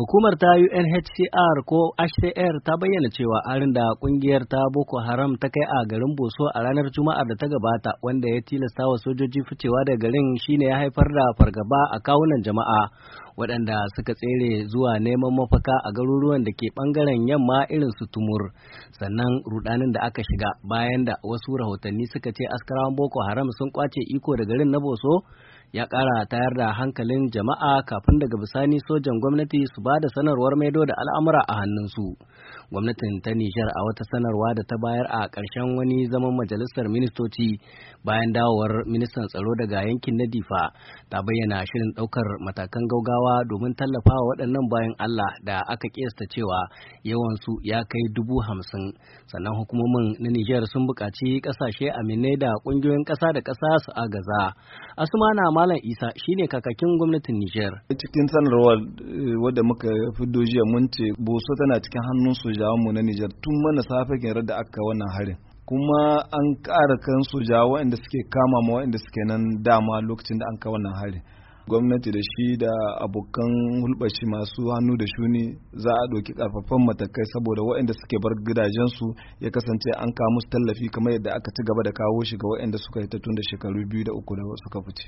Hukumar ta UNHCR ko HCR ta bayyana cewa arin da kungiyar ta Boko Haram ta kai a garin Boso a ranar Juma'ar da ta gabata wanda ya tilasta wa sojoji ficewa da garin shine ya haifar da fargaba a kawunan jama'a waɗanda suka tsere zuwa neman mafaka a garuruwan da ke ɓangaren yamma irin su Tumur sannan rudanin da aka shiga bayan da wasu rahotanni suka ce askarawan Boko Haram sun kwace iko da garin na Boso ya ƙara tayar da hankalin jama'a kafin daga bisani sojan gwamnati su ba da sanarwar maido da al'amura a hannunsu. Gwamnatin ta Nijar a wata sanarwa da ta bayar a ƙarshen wani zaman majalisar ministoci bayan dawowar ministan tsaro daga yankin na ta bayyana shirin ɗaukar matakan gaugawa domin tallafawa waɗannan bayan Allah da aka kiyasta cewa yawan su ya kai dubu hamsin. Sannan hukumomin na Nijar sun buƙaci ƙasashe aminai da ƙungiyoyin ƙasa da ƙasa su agaza. Asumana Malam Isa shine kakakin gwamnatin Nijar. Cikin sanarwar eh, wadda muka fiddo jiya mun ce Boso tana cikin hannun sojawanmu na Nijar tun mana safe kenan da aka wannan harin. kuma an ƙara kan soja waɗanda suke kama ma waɗanda suke nan dama lokacin da an kawo wannan harin. gwamnati da shi da abokan hulɓashi masu hannu da shuni za a ɗauki ƙarfafan matakai saboda waɗanda suke bar gidajensu ya kasance an kawo musu tallafi kamar yadda aka ci gaba da kawo shi ga waɗanda suka yi ta tun da shekaru biyu da uku da suka fice.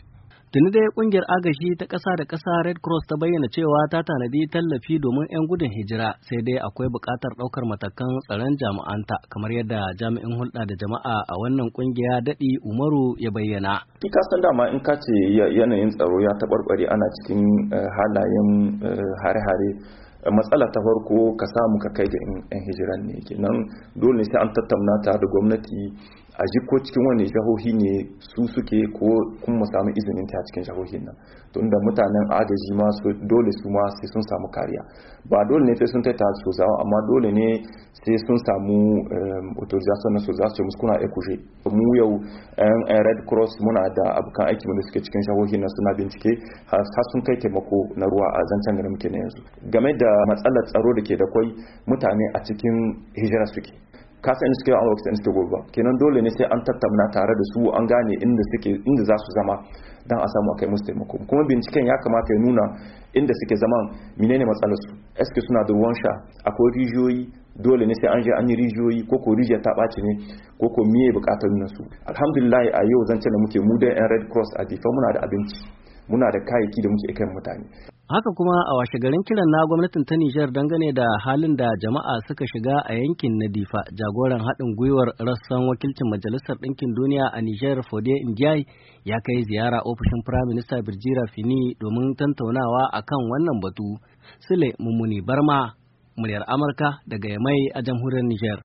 Tuni dai kungiyar agashi ta ƙasa da ƙasa Red Cross ta bayyana cewa ta tanadi tallafi domin 'yan gudun hijira sai dai akwai buƙatar ɗaukar matakan tsaron jami'anta kamar yadda jami'in hulɗa da jama'a a wannan kungiya daɗi Umaru ya bayyana. Ki ka san dama in ka ce yanayin tsaro ya taɓarɓare ana cikin eh, halayen eh, hare-hare matsala ta farko ka samu ka kai ga 'yan hijiran ne kenan dole sai an tattauna ta da gwamnati a ji ko cikin wani jahohi ne su suke ko kuma samu izinin ta cikin jahohin nan don da mutanen agaji ma dole su ma sai sun samu kariya ba dole ne sai sun taita su zama amma dole ne sai sun samu ehm, authorization na su za su ce musu kuna ekushe mu yau yan red cross muna da abokan aiki wanda suke cikin jahohin nan suna bincike har sun kai taimako na ruwa a zancen garin muke na yanzu game da matsalar tsaro da ke da kwai mutane a cikin hijira suke ka san suke an wakilin suke gobe kenan dole ne sai an tattauna tare da su an gane inda inda za su zama dan a samu akai musu taimako kuma binciken ya kamata ya nuna inda suke zama menene matsalar su eske suna da ruwan sha akwai rijiyoyi dole ne sai an je an yi rijiyoyi ko ko rijiya ta ɓaci ne ko ko miye bukatar nuna su alhamdulillah a yau zance da muke mu da yan red cross a difa muna da abinci muna da kayayyaki da muke kai mutane Haka kuma a washe garin kiran na gwamnatin ta Nijar dangane da halin da jama'a suka shiga a yankin na Difa, jagoran haɗin gwiwar rassan wakilcin Majalisar Ɗinkin Duniya a Nijar Fode Ndiaye ya kai ziyara ofishin Firaminista Minista Birjira Fini domin tantaunawa akan wannan batu. Sule Mummuni Barma, muryar Amurka daga Yamai a jamhuriyar Nijar.